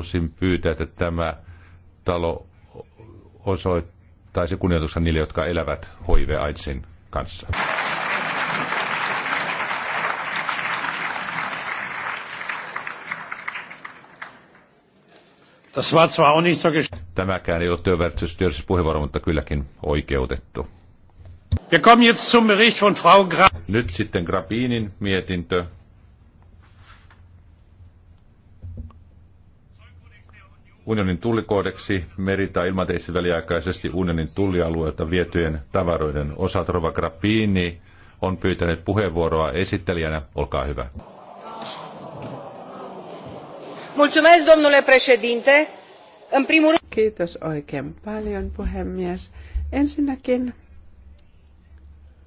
halusin pyytää, että tämä talo osoittaisi kunnioitusta niille, jotka elävät HIV-AIDSin kanssa. Tämäkään ei ole työvertaistyöllisyys puheenvuoro, mutta kylläkin oikeutettu. Nyt sitten Grabinin mietintö. unionin tullikoodeksi meri- tai ilmateitse väliaikaisesti unionin tullialueelta vietyjen tavaroiden osat. Rova Grappini on pyytänyt puheenvuoroa esittelijänä. Olkaa hyvä. Mulțumesc, domnule președinte. Kiitos oikein paljon, puhemies. Ensinnäkin